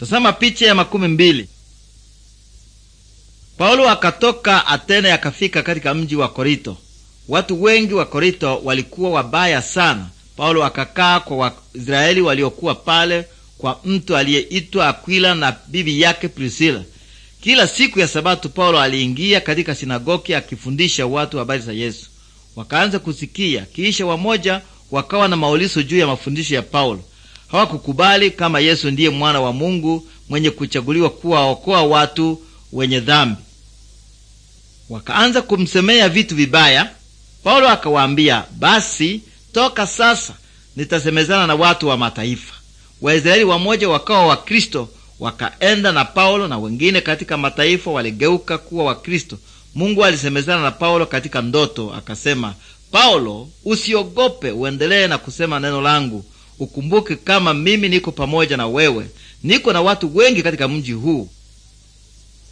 Tazama picha ya makumi mbili. Paulo akatoka Atene akafika katika mji wa Korinto. Watu wengi wa Korinto walikuwa wabaya sana. Paulo akakaa kwa Waisraeli waliokuwa pale kwa mtu aliyeitwa Akwila na bibi yake Prisila. Kila siku ya Sabato Paulo aliingia katika sinagogi akifundisha watu habari za Yesu. Wakaanza kusikia, kisha wamoja wakawa na maulizo juu ya mafundisho ya Paulo hawakukubali kama Yesu ndiye mwana wa Mungu mwenye kuchaguliwa kuwaokoa watu wenye dhambi. Wakaanza kumsemea vitu vibaya. Paulo akawaambia, basi toka sasa nitasemezana na watu wa mataifa. Waisraeli wamoja wakawa Wakristo, wakaenda na Paulo, na wengine katika mataifa waligeuka kuwa Wakristo. Mungu alisemezana na Paulo katika ndoto akasema, Paulo, usiogope, uendelee na kusema neno langu, ukumbuke kama mimi niko pamoja na wewe, niko na watu wengi katika mji huu.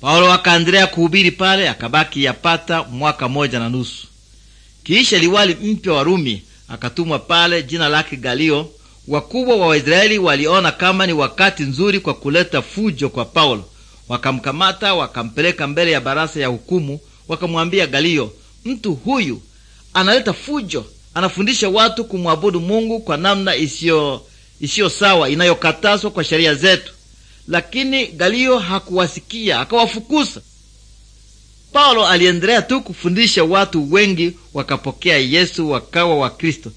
Paulo akaendelea kuhubiri pale, akabaki yapata mwaka moja na nusu. Kisha liwali mpya wa Rumi akatumwa pale, jina lake Galio. Wakubwa wa Waisraeli waliona kama ni wakati nzuri kwa kuleta fujo kwa Paulo, wakamkamata wakampeleka mbele ya barasa ya hukumu, wakamwambia Galio, mtu huyu analeta fujo anafundisha watu kumwabudu Mungu kwa namna isiyo isiyo sawa inayokatazwa kwa sheria zetu, lakini Galio hakuwasikia, akawafukuza. Paulo aliendelea tu kufundisha, watu wengi wakapokea Yesu wakawa wa Kristo.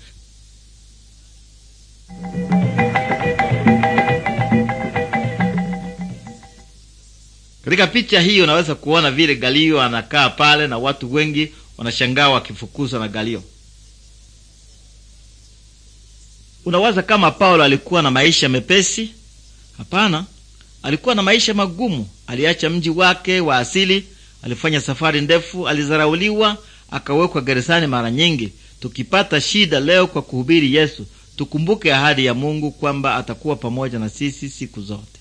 Katika picha hiyo unaweza kuona vile Galio anakaa pale na watu wengi wanashangaa wakifukuzwa na Galio. Unawaza kama Paulo alikuwa na maisha mepesi? Hapana, alikuwa na maisha magumu. Aliacha mji wake wa asili, alifanya safari ndefu, alizarauliwa, akawekwa gerezani mara nyingi. Tukipata shida leo kwa kuhubiri Yesu, tukumbuke ahadi ya Mungu kwamba atakuwa pamoja na sisi siku zote.